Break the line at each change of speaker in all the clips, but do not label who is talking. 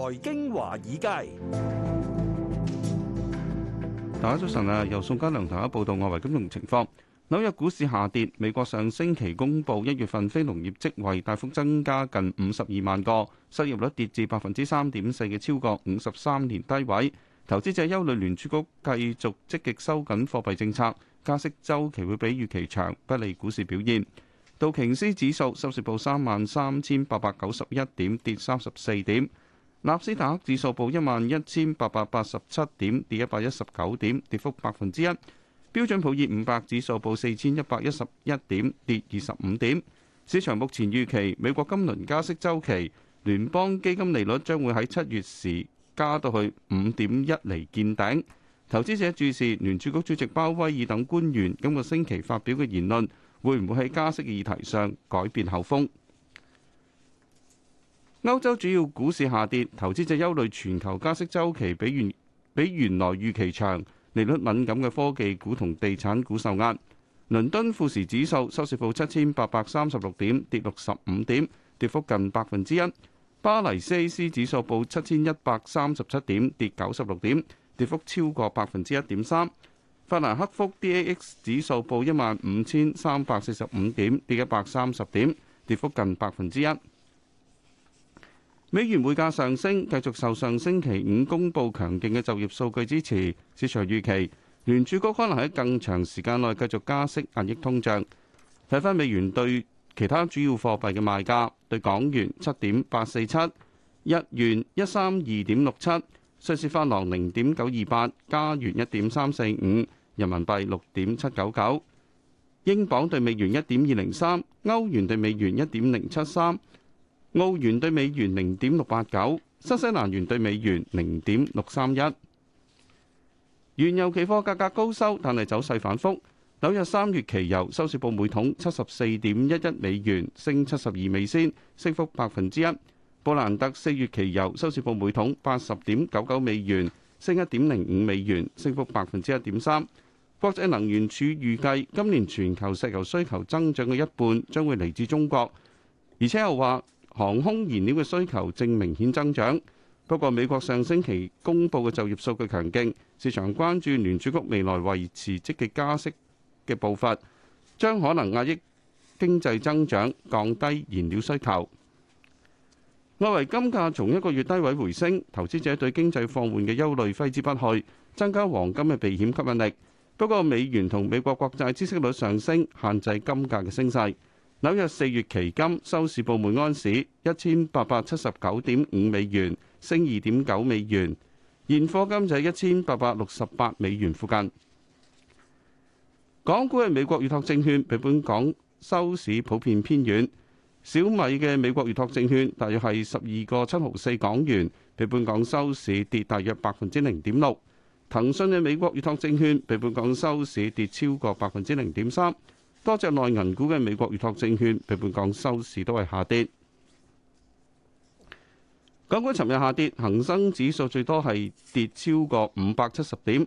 財經華爾街，大家早晨啊！由宋嘉良同大家報道外圍金融情況。紐約股市下跌，美國上星期公布一月份非農業職位大幅增加近五十二萬個，失業率跌至百分之三點四嘅超過五十三年低位。投資者憂慮聯儲局繼續積極收緊貨幣政策，加息周期會比預期長，不利股市表現。道瓊斯指數收市報三萬三千八百九十一點，跌三十四點。納斯達克指數報一萬一千八百八十七點，跌一百一十九點，跌幅百分之一。標準普爾五百指數報四千一百一十一點，跌二十五點。市場目前預期美國今輪加息周期，聯邦基金利率將會喺七月時加到去五點一厘見頂。投資者注視聯儲局主席鮑威爾等官員今個星期發表嘅言論，會唔會喺加息嘅議題上改變口風？歐洲主要股市下跌，投資者憂慮全球加息周期比原比原來預期長，利率敏感嘅科技股同地產股受壓。倫敦富時指數收市報七千八百三十六點，跌六十五點，跌幅近百分之一。巴黎 CAC 指數報七千一百三十七點，跌九十六點，跌幅超過百分之一點三。法蘭克福 DAX 指數報一萬五千三百四十五點，跌一百三十點，跌幅近百分之一。美元匯價上升，繼續受上星期五公布強勁嘅就業數據支持。市場預期聯儲局可能喺更長時間內繼續加息，壓抑通脹。睇返美元對其他主要貨幣嘅賣價：對港元七點八四七，日元一三二點六七，瑞士法郎零點九二八，加元一點三四五，人民幣六點七九九，英鎊兌美元一點二零三，歐元兌美元一點零七三。澳元兌美元零點六八九，新西蘭元兌美元零點六三一。原油期貨價格高收，但係走勢反覆。紐約三月期油收市報每桶七十四點一一美元，升七十二美仙，升幅百分之一。布蘭特四月期油收市報每桶八十點九九美元，升一點零五美元，升幅百分之一點三。國際能源署預計今年全球石油需求增長嘅一半將會嚟自中國，而且又話，航空燃料嘅需求正明顯增長，不過美國上星期公布嘅就業數據強勁，市場關注聯儲局未來維持積極加息嘅步伐，將可能壓抑經濟增長，降低燃料需求。外圍金價從一個月低位回升，投資者對經濟放緩嘅憂慮揮之不去，增加黃金嘅避險吸引力。不過美元同美國國債孳息率上升，限制金價嘅升勢。紐約四月期金收市報每安士一千八百七十九點五美元，升二點九美元。現貨金就喺一千八百六十八美元附近。港股嘅美國預託證券比本港收市普遍偏軟。小米嘅美國預託證券大約係十二個七毫四港元，比本港收市跌大約百分之零點六。騰訊嘅美國預託證券比本港收市跌超過百分之零點三。多隻內銀股嘅美國預託證券，比本港收市都係下，下跌。港股尋日下跌，恒生指數最多係跌超過五百七十點，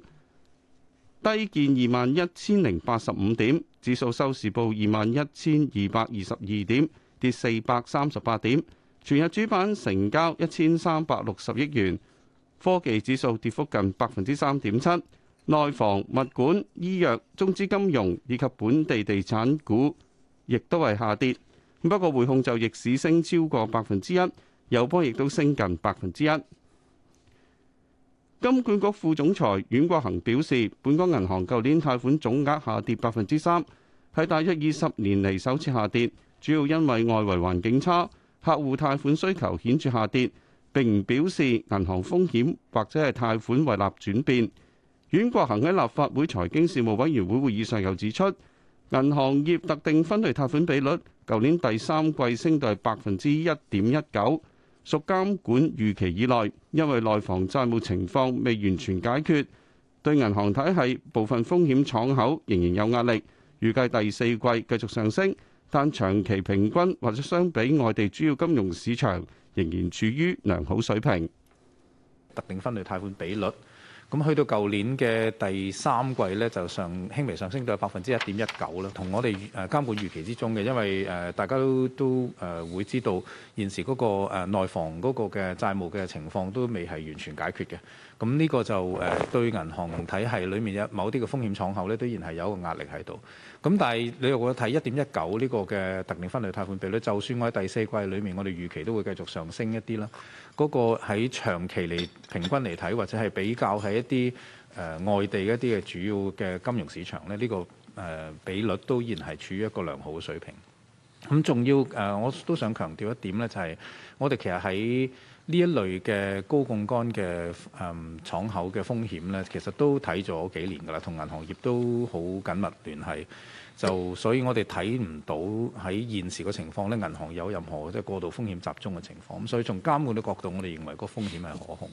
低見二萬一千零八十五點。指數收市報二萬一千二百二十二點，跌四百三十八點。全日主板成交一千三百六十億元，科技指數跌幅近百分之三點七。內房、物管、醫藥、中資金融以及本地地產股亦都係下跌。不過，匯控就逆市升超過百分之一，友邦亦都升近百分之一。金管局副總裁阮國恒表示，本港銀行舊年貸款總額下跌百分之三，係大約二十年嚟首次下跌，主要因為外圍環境差，客戶貸款需求顯著下跌，並唔表示銀行風險或者係貸款胃納轉變。阮國恒喺立法會財經事務委員會會議上又指出，銀行業特定分類貸款比率，舊年第三季升到係百分之一點一九，屬監管預期以內，因為內房債務情況未完全解決，對銀行體系部分風險敞口仍然有壓力。預計第四季繼續上升，但長期平均或者相比外地主要金融市場，仍然處於良好水平。
特定分類貸款比率。咁去到舊年嘅第三季咧，就上輕微上升到百分之一點一九啦，同我哋誒監管預期之中嘅，因為誒大家都都誒會知道現時嗰個誒內房嗰個嘅債務嘅情況都未係完全解決嘅，咁呢個就誒對銀行體系裡面嘅某啲嘅風險敞口咧，都依然係有一個壓力喺度。咁但係你如果睇一點一九呢個嘅特定分類貸款比率，就算我喺第四季裏面，我哋預期都會繼續上升一啲啦。嗰個喺長期嚟平均嚟睇，或者係比較喺～啲誒外地一啲嘅主要嘅金融市場咧，呢個誒比率都依然係處於一個良好嘅水平。咁仲要誒，我都想強調一點咧、就是，就係我哋其實喺呢一類嘅高槓桿嘅誒敞口嘅風險咧，其實都睇咗幾年噶啦，同銀行業都好緊密聯繫。就所以，我哋睇唔到喺現時嘅情況咧，銀行有任何即係過度風險集中嘅情況。咁所以，從監管嘅角度，我哋認為個風險係可控。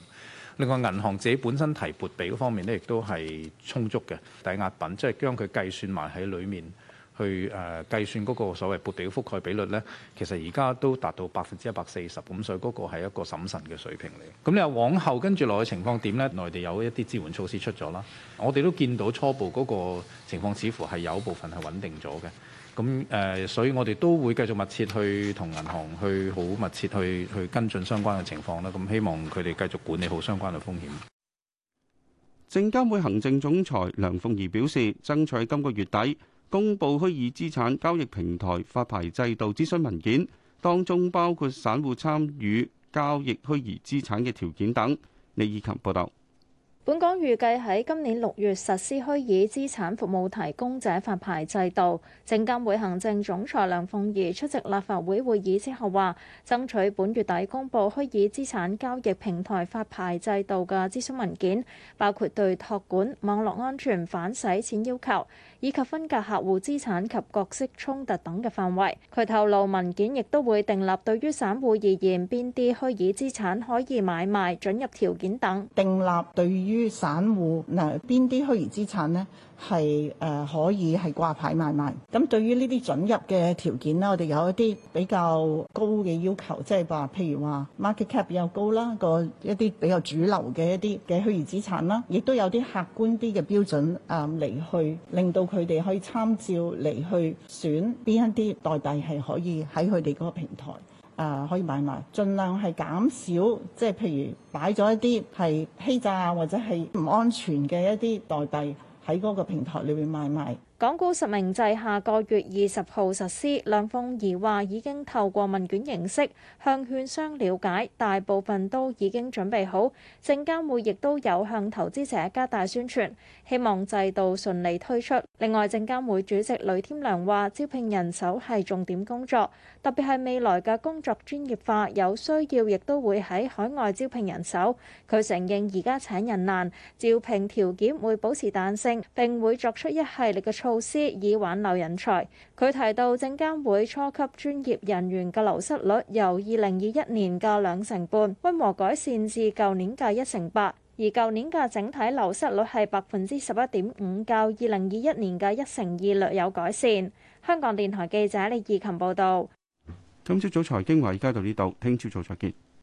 另外銀行自己本身提撥備嗰方面咧，亦都係充足嘅抵押品，即係將佢計算埋喺裡面去誒計算嗰個所謂撥備覆蓋比率咧，其實而家都達到百分之一百四十，咁所以嗰個係一個審慎嘅水平嚟。咁你又往後跟住落去的情況點咧？內地有一啲支援措施出咗啦，我哋都見到初步嗰個情況似乎係有部分係穩定咗嘅。咁誒，所以我哋都會繼續密切去同銀行去好密切去去跟進相關嘅情況啦。咁希望佢哋繼續管理好相關嘅風險。
證監會行政總裁梁鳳儀表示，爭取今個月底公布虛擬資產交易平台發牌制度諮詢文件，當中包括散戶參與交易虛擬資產嘅條件等。李以琴報道。
本港預計喺今年六月實施虛擬資產服務提供者發牌制度。證監會行政總裁梁鳳儀出席立法會會議之後話，爭取本月底公布虛擬資產交易平台發牌制度嘅諮詢文件，包括對託管、網絡安全、反洗錢要求，以及分隔客戶資產及角色衝突等嘅範圍。佢透露文件亦都會訂立對於散戶而言邊啲虛擬資產可以買賣、准入條件等。訂立對於於散戶嗱，邊啲虛擬資產咧係、呃、可以係掛牌買賣、賣？咁對於呢啲准入嘅條件啦，我哋有一啲比較高嘅要求，即係話，譬如話 market cap 比較高啦，個一啲比較主流嘅一啲嘅虛擬資產啦，亦都有啲客觀啲嘅標準啊嚟、嗯、去令到佢哋可以參照嚟去選邊一啲代幣，係可以喺佢哋個平台。啊，可以買賣，盡量係減少，即係譬如擺咗一啲係欺詐或者係唔安全嘅一啲代幣喺嗰個平台裏面買賣。港股實名制下個月二十號實施，梁鳳儀話已經透過問卷形式向券商瞭解，大部分都已經準備好。證監會亦都有向投資者加大宣傳，希望制度順利推出。另外，證監會主席雷添良話，招聘人手係重點工作，特別係未來嘅工作專業化，有需要亦都會喺海外招聘人手。佢承認而家請人難，招聘條件會保持彈性，並會作出一系列嘅措施。措施以挽留人才。佢提到證監會初級專業人員嘅流失率由2021年嘅兩成半溫和改善至舊年嘅一成八，而舊年嘅整體流失率係百分之十一點五，較2021年嘅一成二略有改善。香港電台記者李義琴報道。
今朝早財經華爾街到呢度，聽朝早再見。